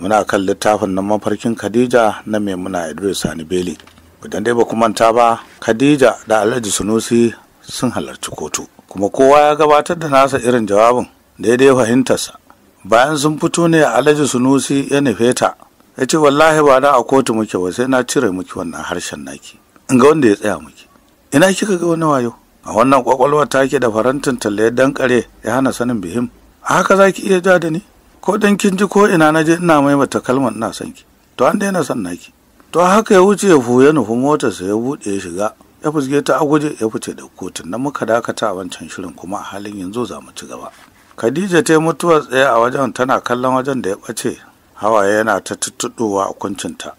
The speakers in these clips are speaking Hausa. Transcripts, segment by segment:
muna kan littafin nan mafarkin khadija na maimuna idris sani beli idan dai ba ku manta ba khadija da alhaji sunusi sun halarci kotu kuma kowa ya gabatar da nasa irin jawabin daidai fahimtarsa bayan sun fito ne a alhaji sunusi ya nufe ta ya ce wallahi ba na a kotu muke ba sai na cire muke wannan harshen naki in ga wanda ya tsaya muke? ina kika ga wani wayo a wannan kwakwalwar take da farantin talle dan kare ya hana sanin bihim a haka zaki iya ja da ni ko dan kin ji ko ina na je ina mai maimaita kalmar ina son ki to an daina son naki to haka ya wuce ya fuye nufi sa ya buɗe ya shiga ya fusge ta a ya fice da kotun Na muka dakata a wancan shirin kuma a halin yanzu za mu ci gaba khadija ta yi mutuwar tsaye a wajen tana kallon wajen da ya bace hawaye yana ta tuttuɗowa a kuncinta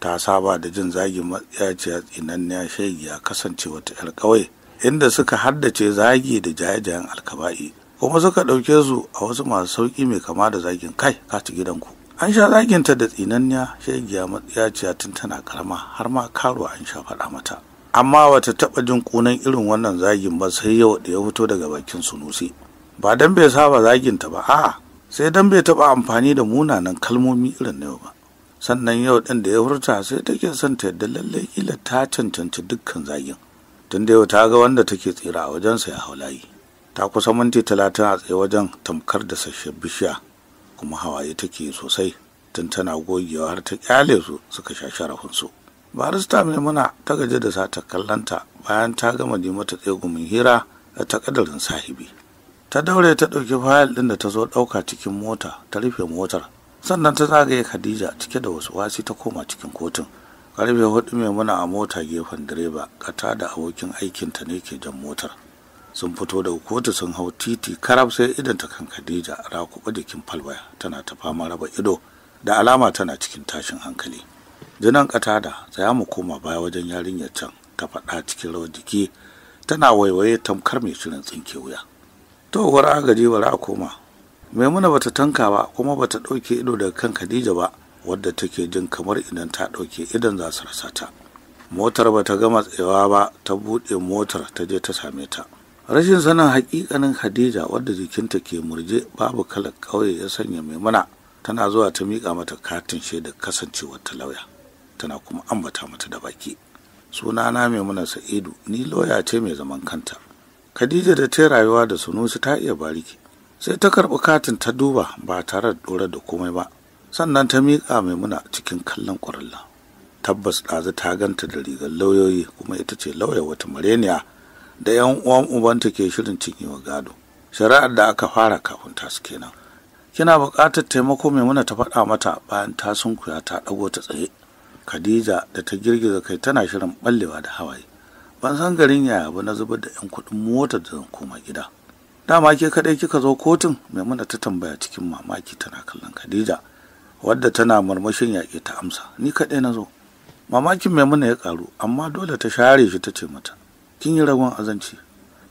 ta saba da jin zagin matsiyaciya tsinanniya shegi ya kasance wata 'yar ƙauye inda suka haddace zagi da jaye-jayen alkaba'i kuma suka ɗauke su a wasu masu sauƙi mai kama da zagin kai gidan gidanku an sha zagin ta da tsinanniya shegiya matsiyaciya tun tana karama har ma karo an sha faɗa mata amma wata taɓa jin ƙunan irin wannan zagin ba sai yau da ya fito daga bakin sunusi ba dan bai saba zagin ta ba a'a sai dan bai taɓa amfani da munanan kalmomi irin na yau ba sannan yau ɗin da ya furta sai take son ta yadda lallai kila ta cancanci dukkan zagin tun da yau ta ga wanda take tsira a wajensa ya haulayi ta kusa minti talatin a tsaye wajen tamkar da sashen bishiya kuma hawaye take sosai tun tana gogewa har ta kyale su suka sha sharafin su barista mai muna ta gaji da sata kallanta bayan ta gama ji mata tsegumin hira da takadarin sahibi ta daure ta ɗauki fayil ɗin da ta zo ɗauka cikin mota ta rufe motar sannan ta zagaye khadija cike da wasu wasi ta koma cikin kotun karfe hudu mai muna a mota gefen direba kata da abokin aikinta ne ke jan motar sun fito da kotu sun hau titi karab sai idan ta kan khadija rakuɓa jikin falwaya tana ta fama raba ido da alama tana cikin tashin hankali jinan katada tsaya mu koma baya wajen yarinyar can ta faɗa cikin rawar jiki tana waiwaye tamkar mai shirin tsinke wuya uwar agaji bari a koma maimuna bata tanka ba kuma bata ɗauke ido daga kan khadija ba wadda take jin kamar idan ta ɗauke idan za su rasa ta motar bata gama tsayawa ba ta buɗe motar ta je ta same ta rashin sanin hakikanin khadija wadda jikinta ke murje babu kalar ƙauye ya sanya maimuna tana zuwa ta miƙa mata katin shaidar kasancewar ta lauya tana kuma ambata mata da baki Suna na maimuna sa'idu ni lauya ce mai zaman kanta khadija da ta rayuwa da sunusi ta iya bariki sai ta karɓi katin ta duba ba tare da ɗora da komai ba sannan ta miƙa maimuna cikin kallon ƙwararla tabbas ɗazu ta ganta da rigar lauyoyi kuma ita ce lauya wata mareniya da yan uwan ubanta ke shirin wa gado shari'ar da aka fara kafin ta su kenan kina buƙatar taimako maimuna ta faɗa mata bayan ta sunkuya ta ɗago ta tsaye khadija da ta girgiza kai tana shirin ɓallewa da hawaye ban san garin yaya ba na zubar da yan kuɗin mota da zan koma gida dama ke kaɗai kika zo kotun maimuna ta tambaya cikin mamaki tana kallon khadija wadda tana marmashin yaƙe ta amsa ni kaɗai na zo mamakin maimuna ya ƙaru amma dole ta share shi ta ce mata kin yi ragon azanci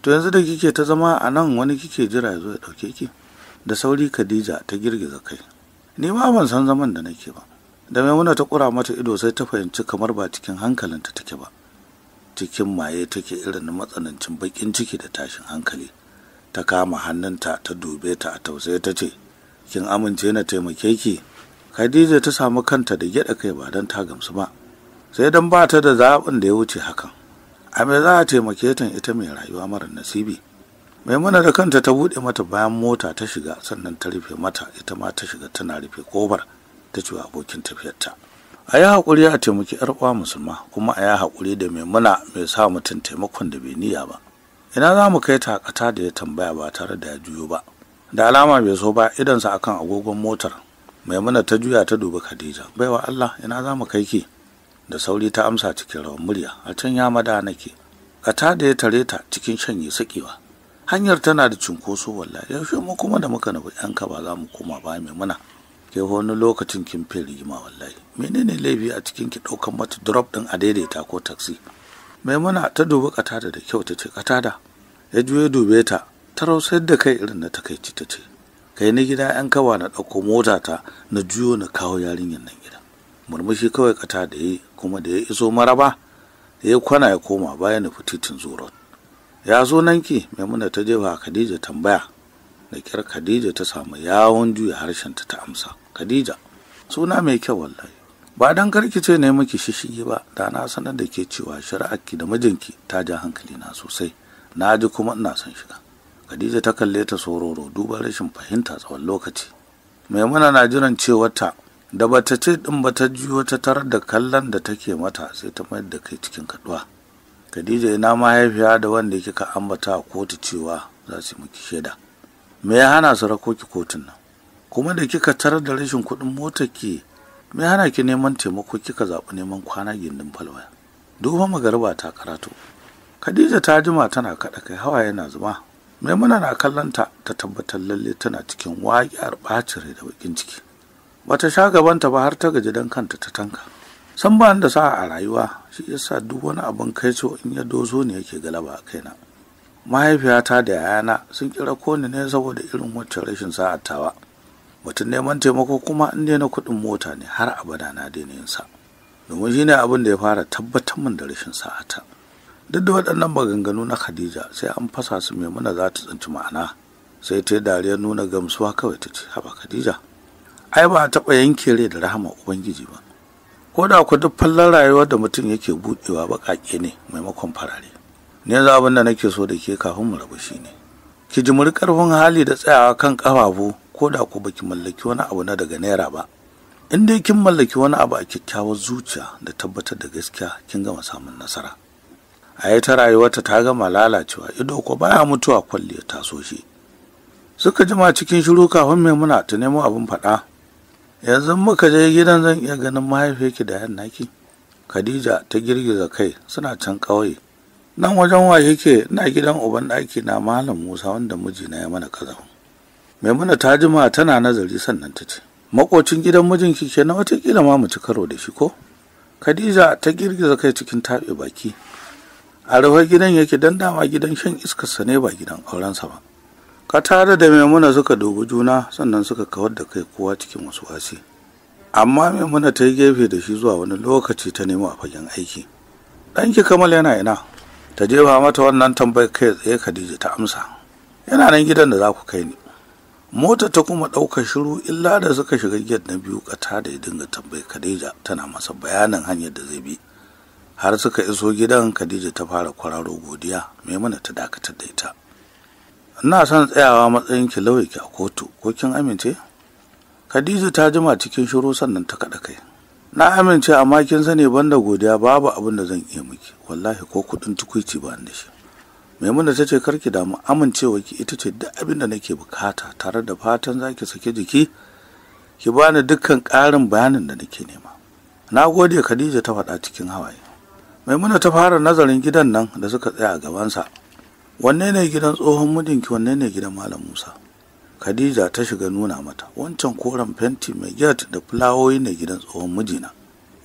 to yanzu da kike ta zama a nan wani kike jira ya zo ya ɗauke ki da sauri khadija ta girgiza kai ni ma ban san zaman da nake ba da maimuna ta ƙura mata ido sai ta fahimci kamar ba cikin hankalinta take ba cikin maye take irin na matsanancin baƙin ciki da tashin hankali ta kama hannunta ta dube ta a tausayi ta ce kin amince na taimake ki khadija ta samu kanta da gyaɗa kai ba don ta gamsu ba sai don bata da zaɓin da ya wuce hakan a me za a taimake ta ita mai rayuwa mara nasibi maimuna da kanta ta buɗe mata bayan mota ta shiga sannan ta rufe mata ita ma ta shiga tana rufe kobar ta ce abokin tafiyarta a yi haƙuri a taimaki yar uwa musulma kuma a ya haƙuri da maimuna mai sa mutum taimakon da bai niyya ba ina za mu kai ta ƙata da ya tambaya ba tare da ya juyo ba da alama bai so ba idansa akan agogon motar maimuna ta juya ta dubi khadija baiwa allah ina za mu kai ki da sauri ta amsa cikin rawan murya a can ya mada nake kata da ya tare ta cikin shanye sakewa hanyar tana da cunkoso wallahi yaushe mu kuma da muka nufi ka ba za mu koma ba mai muna ke wani lokacin kin fi rigima wallahi menene laifi a cikin ki daukan mata drop din a daidaita ko taxi maimuna ta dubi katada da kyau ta ce katada ya juye dube ta ta rausar da kai irin na takaici ta ce kai na gida yan kawa na ɗauko mota ta na juyo na kawo yarinyar nan murmushi kawai kata da yi kuma da ya iso maraba da ya kwana ya koma bayan nufi titin zurot ya zo nan ki maimuna ta jefa khadija tambaya da kyar khadija ta samu yawon juya harshen ta ta amsa khadija suna mai kyau wallahi ba dan karki ce ne miki shishigi ba da na sanar da ke cewa shari'arki da mijinki ta ja hankali na sosai na ji kuma ina son shiga khadija ta kalle ta sororo duba rashin fahimta tsawon lokaci maimuna na jiran ta. da bata ce din ba ta juyo ta tarar da kallon da take mata sai ta mayar da kai cikin kaduwa Khadija ina mahaifiya da wanda kika ambata a kotu cewa za su miki shaida me ya hana su rako ki kotun nan kuma da kika tarar da rashin kuɗin motar ki me hana ki neman taimako kika zaɓi neman kwana gindin falwaya duba magariba ta karatu Khadija ta jima tana kaɗa kai hawa yana zuma Maimuna na kallon ta ta tabbatar lalle tana cikin waƙiyar ɓacin da bakin ciki bata sha gabanta ba har ta gaji dan kanta ta tanka san ba da sa'a a rayuwa shi yasa duk wani abin kai so in ya dozo ne yake galaba a kaina mahaifiyata da yayana sun kira koni ne saboda irin wacce rashin sa'a tawa mutum neman taimako kuma in na kuɗin mota ne har abada na daina yin sa domin shine abin da ya fara tabbatar min da rashin sa'a ta duk da waɗannan maganganu na khadija sai an fasa su maimuna za ta tsinci ma'ana sai ta dariyar nuna gamsuwa kawai ta ce haba khadija ai ba a taɓa yanke rai da rahama ubangiji ba ko da ku duk fallon rayuwar da mutum yake buɗewa baƙaƙe ne maimakon farare ne za abin da nake so da ke kafin mu rabu shi ne ki muri ƙarfin hali da tsayawa kan ƙafafu ko da ku baki mallaki wani abu na daga naira ba in dai kin mallaki wani abu a kyakkyawar zuciya da tabbatar da gaskiya kin gama samun nasara a yi ta rayuwarta ta gama lalacewa ido ko baya mutuwa kwalliya tasoshi. shi suka jima cikin shiru kafin muna ta nemo abin faɗa yanzu muka je gidan zan iya ganin mahaifiyarki da yan naki khadija ta girgiza kai suna can ƙauye nan wajen wa yake na gidan uban ɗaki na malam musa wanda mijina ya mana kazafin maimuna ta jima tana nazari sannan ta ce makocin gidan mijinki ke na watakila ma mu ci karo da shi ko khadija ta girgiza kai cikin taɓe baki a rufe gidan yake don dama gidan shan iskarsa ne ba gidan aurensa ba Ka tare da maimuna suka dubi juna sannan suka kawar da kai kowa cikin wasu wasi amma maimuna ta yi gefe da shi zuwa wani lokaci ta nemo a fagen aiki ɗanki kamal yana ina ta jefa mata wannan tambayar kai tsaye khadija ta amsa yana nan gidan da za ku kai ni mota ta kuma ɗaukar shiru illa da suka shiga gate na biyu kata da ya dinga tambayi khadija tana masa bayanin hanyar da zai bi har suka iso gidan khadija ta fara kwararo godiya maimuna ta dakatar da ita ina son tsayawa matsayin ki ki a kotu ko kin amince khadija ta jima cikin shiru sannan ta kaɗa kai na amince amma kin sani da godiya babu abin da zan iya miki wallahi ko kuɗin tukuici ba da shi maimuna ta ce ki damu amincewa ki ita ce duk abin da nake bukata tare da fatan za ki sake jiki ki bani dukkan ƙarin bayanin da nake nema na gode khadija ta faɗa cikin hawaye maimuna ta fara nazarin gidan nan da suka tsaya a gabansa wanne ne gidan tsohon mijinki wanne ne gidan malam musa khadija ta shiga nuna mata wancan koren fenti mai get da fulawoyi ne gidan tsohon mijina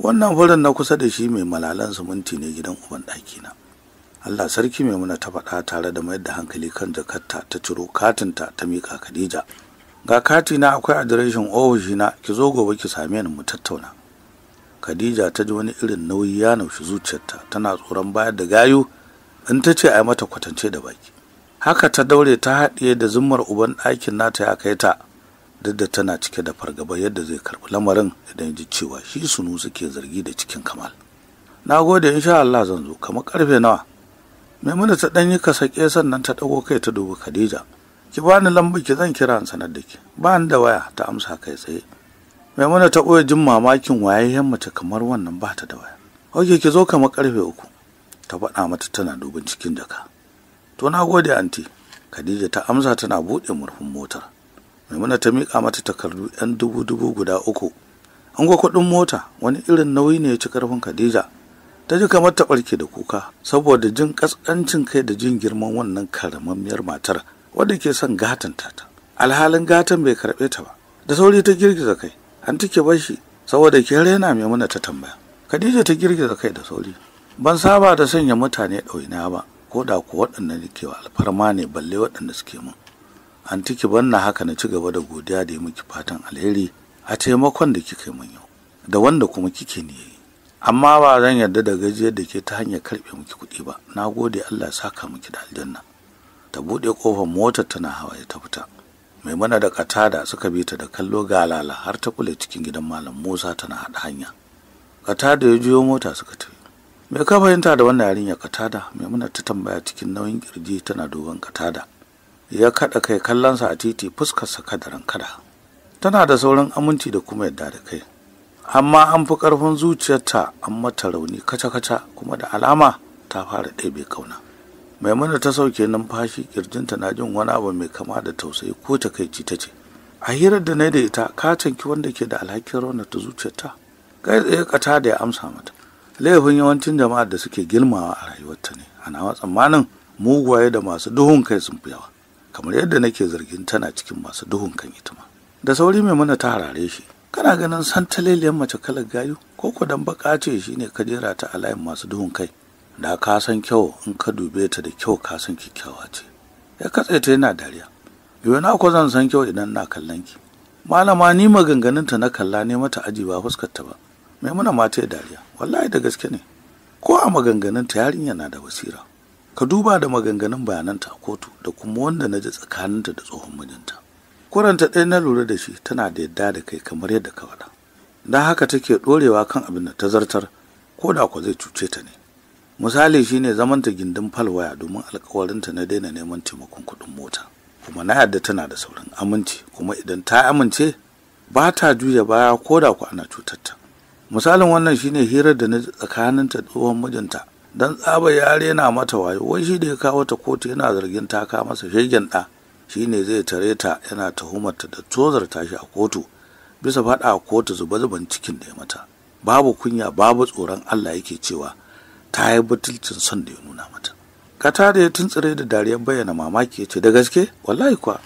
wannan furen na kusa da shi mai malalan siminti ne gidan uban ɗakina allah sarki mai muna ta faɗa tare da mayar da hankali kan jakarta ta ciro katinta ta miƙa khadija ga katina akwai adireshin ofishina ki zo gobe ki same ni mu tattauna khadija ta ji wani irin nauyi ya naushi zuciyarta tana tsoron bayar da gayu in ta ce a mata kwatance da baki haka ta daure ta haɗiye da zumar uban ɗakin nata ya kai ta duk da tana cike da fargaba yadda zai karɓi lamarin idan ji cewa shi sunu suke zargi da cikin kamal na gode insha Allah zan zo kamar karfe nawa maimuna ta ɗan yi kasake sannan ta ɗago kai ta dubi khadija ki bani lambar ki zan kira in sanar da ki ba ni da waya ta amsa kai tsaye maimuna ta ɓoye jin mamakin yan mace kamar wannan ba ta da waya oke ki zo kamar karfe uku ta faɗa mata tana dubin cikin jaka to na gode anti khadija ta amsa tana buɗe murfin motar maimuna ta miƙa mata takardu yan dubu dubu guda uku an ga kuɗin mota wani irin nauyi ne ya ci ƙarfin khadija ta ji kamar ta ɓarke da kuka saboda jin ƙasƙancin kai da jin girman wannan karamammiyar matar wadda ke son gatan ta alhalin gatan bai karɓe ta ba da sauri ta girgiza kai an take bashi saboda ke yana maimuna ta tambaya khadija ta girgiza kai da sauri ban saba da sanya mutane ɗauna ba ko da ku waɗanda nake wa alfarma ne balle waɗanda suke mun an tiki banna haka na ci gaba da godiya da yi miki fatan alheri a taimakon da kika yi mun yau da wanda kuma kike ne yi amma ba zan yarda da gajiyar da ke ta hanyar karɓe miki kuɗi ba na gode Allah saka miki da aljanna ta buɗe ƙofar motar tana hawaye ta fita maimuna da katada suka bi ta da kallo galala har ta kule cikin gidan malam musa tana haɗa hanya katada ya juyo mota suka tafi Mai ka fahimta da wannan yarinya katada maimuna ta tambaya cikin nauyin kirji tana dogon katada ya kada kai kallonsa a titi fuskarsa kadaran kada tana da sauran aminci da kuma yadda da kai amma an fi karfin zuciyarta an mata rauni kaca-kaca kuma da alama ta fara ɗebe kauna maimuna ta sauke numfashi kirjinta na jin wani abu mai kama da tausayi ko ta takaici ta ce a hirar da na da ita ka wanda ke da alhakin ta zuciyarta kai tsaye kata da ya amsa mata laifin yawancin jama'ar da suke girmawa a rayuwarta ne a nawa tsammanin mugaye da masu duhun kai sun fi yawa kamar yadda nake zargin tana cikin masu duhun kan ita da sauri mai mana ta harare shi kana ganin santaleliyar mace kalar gayu ko ko dan baka ce shine ka jera ta a layin masu duhun kai da ka san kyau in ka dube ta da kyau ka san kyakkyawa ce ya katse ta yana dariya yau na ko zan san kyau idan na kallon ki malama ni maganganunta na kalla ne mata aji ba fuskar ta ba maimuna ma ta dariya wallahi da gaske ne ko a maganganun ta yarinya na da basira ka duba da maganganun bayananta a kotu da kuma wanda na ji tsakaninta da tsohon mijinta kuranta ɗaya na lura da shi tana da yadda da kai kamar yadda ka faɗa Da haka take ɗorewa kan abin da ta zartar ko da ku zai cuce ta ne misali shine zaman ta gindin falwaya domin alkawarinta na daina neman taimakon kuɗin mota kuma na yadda tana da saurin aminci kuma idan ta amince ba ta juya baya ko da ku ana cutar ta misalin wannan shine hirar da na tsakanin ta tsohon mijinta don tsaba yare na mata wayo wai shi da ya kawo ta kotu yana zargin ta ka masa shegen ɗa shine zai tare ta yana tuhumarta da tozarta shi a kotu bisa faɗa a kotu zuba zuban cikin da ya mata babu kunya babu tsoron Allah yake cewa ta yi butulcin son da ya nuna mata kata da ya tuntsire da dariyar bayyana mamaki ya ce da gaske wallahi kuwa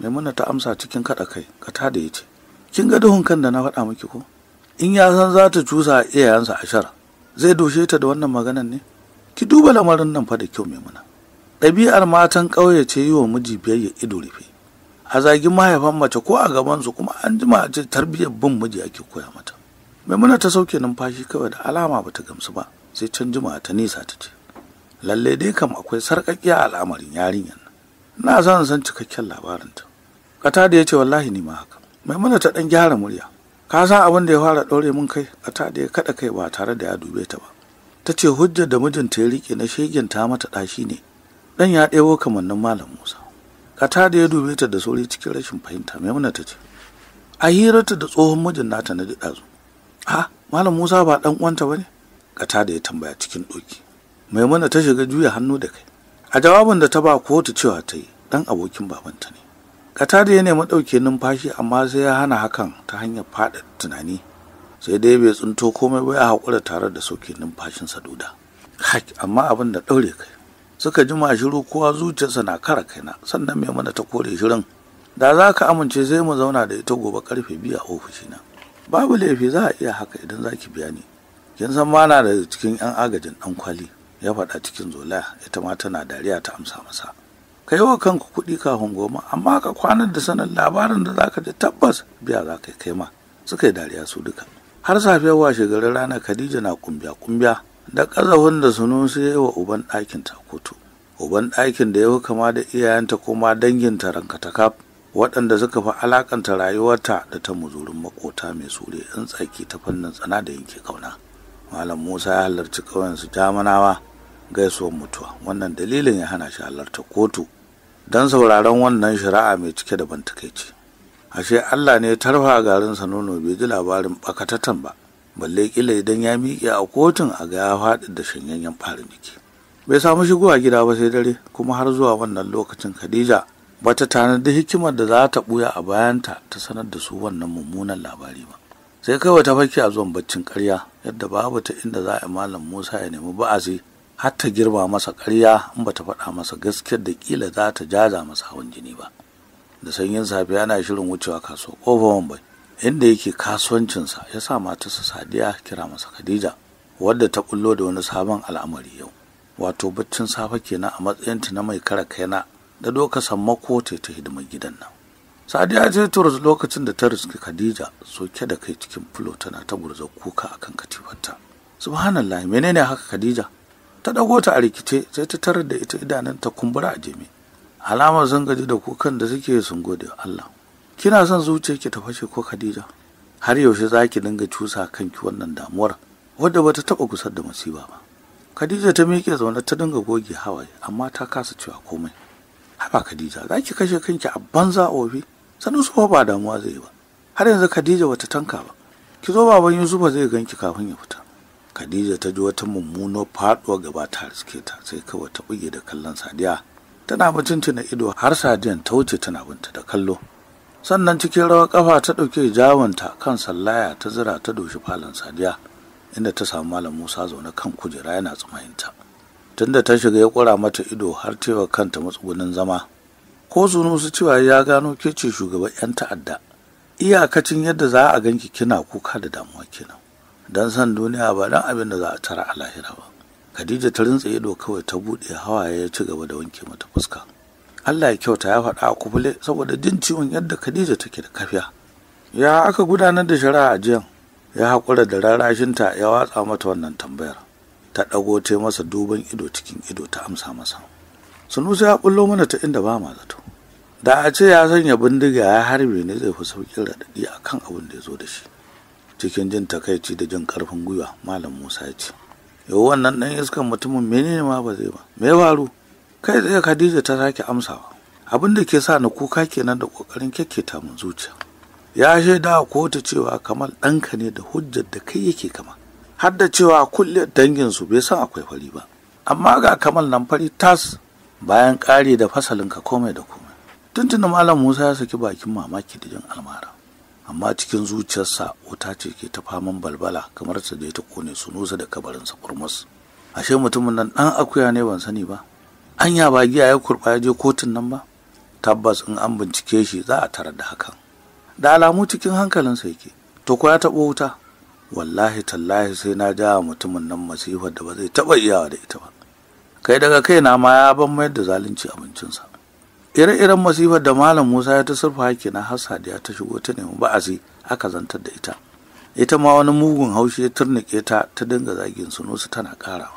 maimuna ta amsa cikin kaɗa kai kata da ya ce kin ga duhun kan da na faɗa miki ko in ya san za ta cusa iyayensa a shara. zai doshe ta da wannan maganan ne ki duba lamarin nan fa da kyau mai muna ɗabi'ar matan ƙauye ce yi wa miji biyayya ido rufe a zagi mahaifan mace ko a gabansu kuma an jima a ce tarbiyyar bin miji ake koya mata maimuna ta sauke numfashi kawai da alama ba ta gamsu ba sai can jima ta nisa ta ce lalle dai kam akwai sarƙaƙiya al'amarin yarinyar na zan san cikakken labarinta ƙata da ya ce wallahi ni ma haka maimuna ta ɗan gyara murya ka san abin da ya fara ɗaure min kai a ta da ya kaɗa kai ba tare da ya dube ta ba ta ce hujjar da mijinta ya riƙe na shegen ta mata ɗashi ne ɗan ya ɗebo kamannin malam musa kata da ya dube ta da sauri cikin rashin fahimta maimuna ta ce a hirarta da tsohon mijin nata na daɗa zu ha malam musa ba ɗan uwanta ba ne ta da ya tambaya cikin ɗoki maimuna ta shiga juya hannu da kai a jawabin da ta ba kotu cewa ta yi ɗan abokin babanta ne katari ya nemi ɗauke numfashi amma sai ya hana hakan ta hanyar faɗa tunani sai dai bai tsinto komai ba ya haƙura tare da sauke numfashinsa duda. Hak amma abin da ɗaure kai. Suka jima shiru kowa zuciyarsa na kara kaina sannan mai mana ta kore shirin. Da za ka amince sai mu zauna da ita gobe karfe biyu a ofishina. Babu laifi za a iya haka idan za ki biya ni. Kin san ba na da cikin 'yan agajin dan kwali ya faɗa cikin zola ita ma tana dariya ta amsa masa. ka yi wa kanka kuɗi kafin goma amma ka kwanar da sanin labarin da zaka ji tabbas biya za ka kai ma suka yi dariya su duka har safiyar washe garin rana khadija na kumbiya kumbiya da ƙazafin da sunu su yi wa uban ɗakin ta kotu uban ɗakin da ya fi kama da iyayenta kuma danginta ranka ta kaf waɗanda suka fi alaƙanta rayuwarta da ta muzurin makota mai sure in tsaki ta fannin tsana da yanke kauna malam musa ya halarci ƙauyen su jamanawa gaisuwar mutuwa wannan dalilin ya hana shi halarta kotu don sauraron wannan shari'a mai cike da bantakaici ashe allah ne tarfa sa nono bai ji labarin bakatatan ba balle kila idan ya miƙe a kotun a ga ya faɗi da shanyayyen farin jiki bai samu shigo a gida ba sai dare kuma har zuwa wannan lokacin khadija bata tanadi hikimar da za ta buya a bayanta ta sanar da su wannan mummunan labari ba sai kawai ta fake a zuwan baccin karya yadda babu ta inda za a yi malam musa ya nemi ba'azi har ta girma masa ƙarya in ba ta faɗa masa gaskiyar da ƙila za ta jaza masa hawan jini ba da sanyin safe yana shirin wucewa kasuwa ƙofar wambai inda yake kasuwancinsa ya sa matarsa sadiya kira masa khadija wadda ta kullo da wani sabon al'amari yau wato baccin safe kenan a matsayinta na mai kara kaina da doka sammako ta ta hidimar gidan nan sadiya ta turus lokacin da ta riski khadija soke da kai cikin fulo tana ta gurza kuka akan katifarta subhanallah menene haka khadija ta ɗauko ta a rikice sai ta tarar da ita idanun ta kumbura a jimi alamar sun gaji da kukan da suke sun gode Allah kina son zuciya ki ta fashe ko Khadija har yaushe za ki dinga cusa kanki wannan damuwar wadda ba ta taɓa gusar da masiba ba Khadija ta miƙe zaune ta dinga goge hawaye amma ta kasa cewa komai haba Khadija za ki kashe kanki a banza ofi sanu su ba damuwa zai yi ba har yanzu Khadija bata tanka ba ki zo baban Yusufa zai ganki kafin ya fita Khadija ta ji wata mummunar faɗuwa gaba ta riske ta sai kawai ta buge da kallon Sadiya tana mutuntuna ido har Sadiyan ta wuce tana binta da kallo sannan cikin rawar kafa ta ɗauke jawanta kan sallaya ta zira ta doshi falon Sadiya inda ta samu Malam Musa zaune kan kujera yana tsumayinta tunda ta shiga ya kura mata ido har cewa kanta matsugunin zama ko su cewa ya gano ke ce shugaban 'yan ta'adda iyakacin yadda za a ganki kina kuka da damuwa kina. don san duniya ba don abin da za a tara a lahira ba khadija ta rintsa ido kawai ta buɗe hawaye ya ci gaba da wanke mata fuska allah ya kyauta ya faɗa a kubule saboda jin ciwon yadda khadija take da kafiya ya aka gudanar da shari'a a jiyan ya haƙura da rarashinta ya watsa mata wannan tambayar ta ɗago ta masa duban ido cikin ido ta amsa masa sunusa ya ɓullo mana ta inda ba ma zato da a ce ya sanya bindiga ya harbe ne zai fi sauƙin raɗaɗi a kan abin da ya zo da shi cikin jin takaici da jin karfin gwiwa malam musa ya ce yau wannan 'dan iskan mutumin menene ma ba zai ba me faru kai tsaye khadija ta sake amsawa abin da ke sa na kuka kenan da kokarin kyakketa mun zuciya ya shaida a kotu cewa kamal ɗanka ne da hujjar da kai yake kama har da cewa kulle su bai san akwai fari ba amma ga kamal nan fari tas bayan ƙari da fasalinka komai da komai tuntuni malam musa ya saki bakin mamaki da jin almara amma cikin zuciyarsa wuta ce ke ta faman balbala kamar ta je ta kone su nusa da kabarinsa kurmus ashe mutumin nan dan akuya ne ban sani ba anya ba giya ya kurba ya je kotun nan ba tabbas in an bincike shi za a tarar da hakan da alamu cikin hankalinsa yake to ko ya taɓo wuta wallahi tallahi sai na ja mutumin nan masifar da ba zai taɓa iyawa da ita ba kai daga kai na ma ya ban mayar da zalunci abincinsa ire-iren masifar da malam musa ya ta surfa haki na ya ta shigo ta nemi ba'azi aka zantar da ita ita ma wani mugun haushi ya turnike ta ta dinga zagin sunusu tana karawa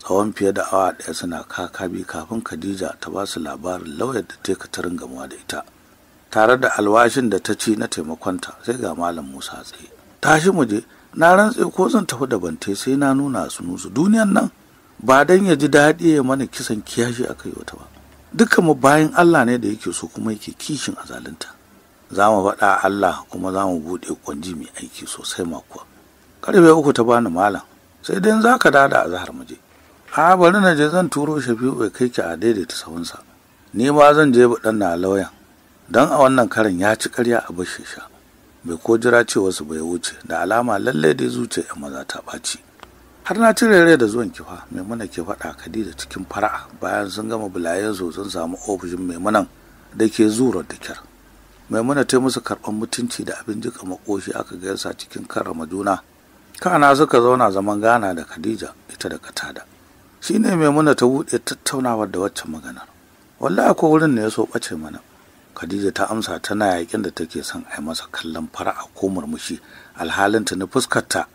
tsawon fiye da awa daya suna kaka biyu kafin khadija ta ba su labarin lauyar da ta katarin gamuwa da ita tare da alwashin da ta ci na taimakonta sai ga malam musa tsaye tashi mu je na rantse ko zan tafi da bante sai na nuna sunusu duniyan nan ba dan ya ji daɗi ya mana kisan kiyashi a Kai, wata ba dukkan mu bayan Allah ne da yake so kuma yake kishin azalinta za mu faɗa Allah kuma za mu buɗe kwanji mai aiki sosai makuwa karfe uku ta bani malam sai dai za ka dada a zahar muje a bari na je zan turo shafi'u ya kai ki a daidaita sahunsa ni ma zan je ɗan na lauyan don a wannan karin ya ci karya a bashin sha bai ko jira cewa su bai wuce da alama lallai dai zuciya 'yan maza ta ɓaci har na cire rai da zuwan kifa maimuna ke faɗa khadija cikin fara'a bayan sun gama bulayen zo sun samu ofishin maimunan da ke zura da kyar maimuna ta musu karɓar mutunci da abin jika makoshi aka gaisa cikin karrama juna kana suka zauna zaman gana da khadija ita da katada shi ne maimuna ta buɗe tattaunawar da waccan maganar wallahi ko wurin ne ya so ɓace mana khadija ta amsa tana yakin da take son a yi masa kallon fara'a ko murmushi alhalinta na fuskarta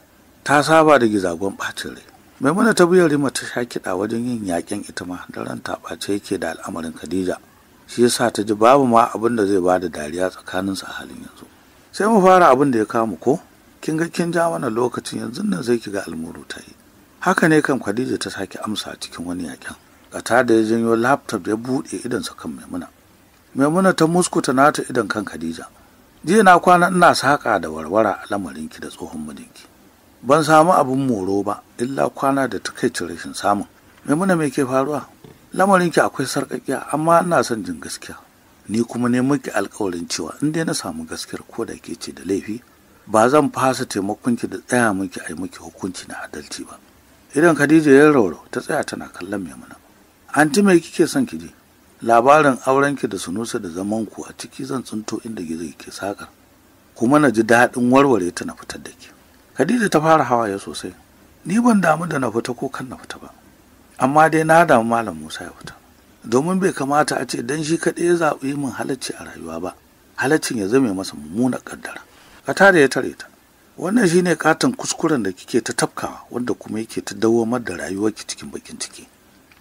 ta saba da gizagon ɓacin rai maimuna ta biyar rima ta sha kiɗa wajen yin yaƙin ita ma da ran ɓace yake da al'amarin khadija shi yasa ta ji babu ma abin da zai bada dariya tsakanin tsakaninsu a halin yanzu sai mu fara abin da ya kamu ko kin ga kin ja mana lokacin yanzu nan zai ki ga almuru ta yi haka ne kan khadija ta sake amsa cikin wani yaƙin kata da ya janyo laptop ya buɗe sa kan maimuna maimuna ta muskuta nata idan kan khadija jiya na kwana ina saƙa da warwara a lamarinki da tsohon mijinki ban samu abin moro ba illa kwana da takaicin rashin samun maimuna mai ke faruwa lamarin ki akwai sarƙaƙiya amma ina son jin gaskiya ni kuma ne miki alƙawarin cewa in dai na samu gaskiyar ko da ke ce da laifi ba zan fasa taimakon ki da tsaya miki a yi miki hukunci na adalci ba idan khadija ya rauro ta tsaya tana kallon maimuna anti me kike son ki je labarin aurenki da sunusa da zaman ku a ciki zan tsinto inda gizo ke sakar kuma na ji daɗin warware ta na fitar da ki Khadija ta fara hawaye sosai ni ban damu da na fita ko kan na fita ba amma dai na damu malam Musa ya fita domin bai kamata a ce dan shi kaɗai ya zaɓi min halacci a rayuwa ba halaccin ya zame masa mummunar kaddara ka tare ya tare ta wannan shine katon kuskuren da kike ta tafkawa wanda kuma yake ta dawamar da rayuwarki cikin bakin ciki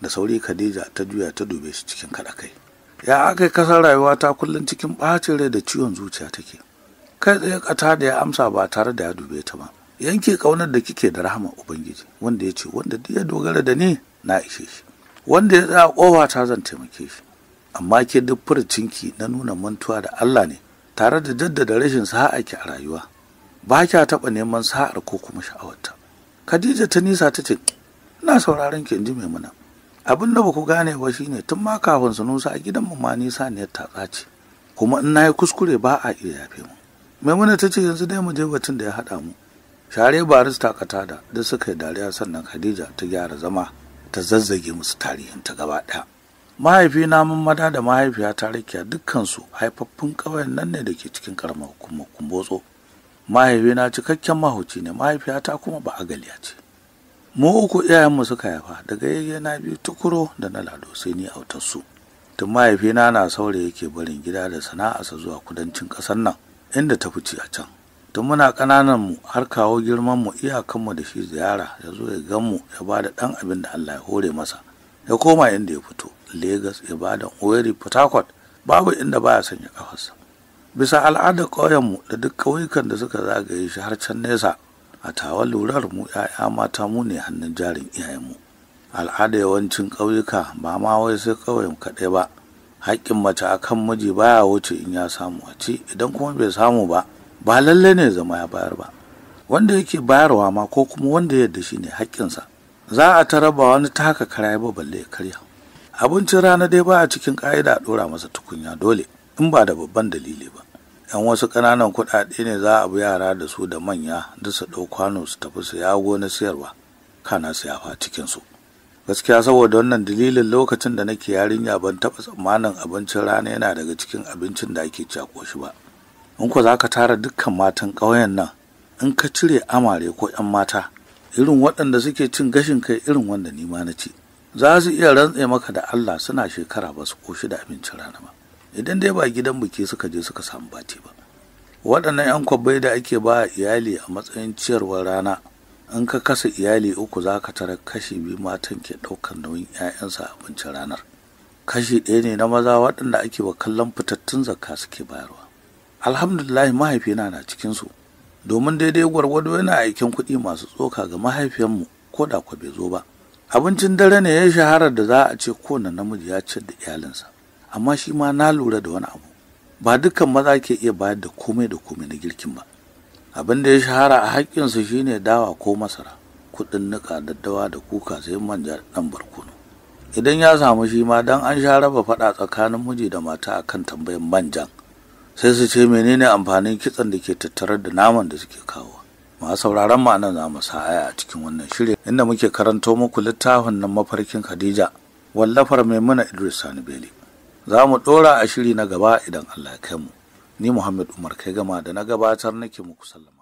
da sauri Khadija ta juya ta dube shi cikin kaɗa kai ya aka kasar rayuwa ta kullum cikin ɓacin rai da ciwon zuciya take kai tsaye kata da ya amsa ba tare da ya dube ta ba yanke ƙaunar da kike da rahama ubangiji wanda ya ce wanda duk ya dogara da ni na ishe shi wanda ya tsaya ƙofa ta zan taimake shi amma ke duk furcinki na nuna mantuwa da Allah ne tare da jaddada rashin sa'a ki a rayuwa ba kya taɓa neman sa'ar ko kuma sha'awarta Khadija ta nisa ta ce ina sauraron ki ji mai muna abin da baku gane ba shine tun ma kafin su nusa a gidan mu ma nisa ne ta tsaci kuma in yi kuskure ba a iya yafe mu maimuna ta ce yanzu dai mu je batun da ya haɗa mu share barista katada da suka yi dariya sannan khadija ta gyara zama ta zazzage musu tarihinta gaba ɗaya mahaifina mamada da mahaifiya ta rikiya dukkansu haifaffun ƙauyen nan ne da ke cikin ƙaramar hukumar kumbotso mahaifina cikakken mahauci ne mahaifiyata kuma ba agaliya ce mu uku iyayenmu suka haifa daga yayye na biyu tukuro da na lado sai ni autarsu tun mahaifina na saurayi yake barin gida da sana'arsa zuwa kudancin ƙasar nan inda ta fice a can tun muna ƙananan mu har kawo girman mu iyakanmu da shi ziyara ya zo ya gan mu ya ba da ɗan abin da Allah ya hore masa ya koma inda ya fito Legas, Ibadan, Owerri, Port Harcourt babu inda baya sanya kafarsa bisa al'adar mu da duk ƙauyukan da suka zagaye shi har can nesa a tawa lurar mu 'ya'ya mata mu ne hannun jarin iyayen mu al'ada yawancin ƙauyuka ba ma wai sai ƙauyen kaɗai ba haƙƙin mace akan miji baya wuce in ya samu a ci idan kuma bai samu ba ba lalle ne zama ya bayar ba wanda yake bayarwa ma ko kuma wanda yadda shi ne haƙƙinsa za a tara ba wani ta haka kara ba balle ya karya abincin rana dai ba a cikin ƙa'ida a ɗora masa tukunya dole in ba da babban dalili ba yan wasu ƙananan kuɗaɗe ne za a bi yara da su da manya dasa su ɗau kwano su tafi su yago na siyarwa kana siyafa cikin su gaskiya saboda wannan dalilin lokacin da nake yarinya ban taɓa tsammanin abincin rana yana daga cikin abincin da ake ci a ba in ku za ka tara dukkan matan ƙauyen nan in ka cire amare ko 'yan mata irin waɗanda suke cin gashin kai irin wanda ni ma na ce za su iya rantse maka da Allah suna shekara ba su koshi da abincin rana ba idan dai ba gidan biki suka je suka samu bati ba waɗannan 'yan kwabbai da ake ba iyali a matsayin ciyarwar rana in ka kasa iyali uku za ka tara kashi biyu matan ke ɗaukar nauyin 'ya'yansa abincin ranar kashi ɗaya ne na maza waɗanda ake wa kallon fitattun zakka suke bayarwa alhamdulillah mahaifina na cikinsu domin daidai gwargwado yana aikin kuɗi masu tsoka ga mahaifiyanmu ko da kwa bai zo ba abincin dare ne ya yi shahara da za a ce kowane namiji ya ci da iyalinsa amma shi ma na lura da wani abu ba dukkan maza ke iya bayar da komai da komai na girkin ba abin da ya shahara a haƙƙinsu shine dawa ko masara kuɗin niƙa daddawa da kuka sai manja da ɗan barkono idan ya samu shi ma dan an sha raba faɗa tsakanin miji da mata akan tambayan manjan sai su ce menene amfanin kitsan da ke tattare da naman da suke kawo ma sauraron ma nan za mu sa aya a cikin wannan shirin inda muke karanto muku littafin nan mafarkin Khadija wallafar Maimuna Idris Sani Beli za mu dora a shiri na gaba idan Allah ya kai mu ni Muhammad Umar kai gama da na gabatar nake muku sallama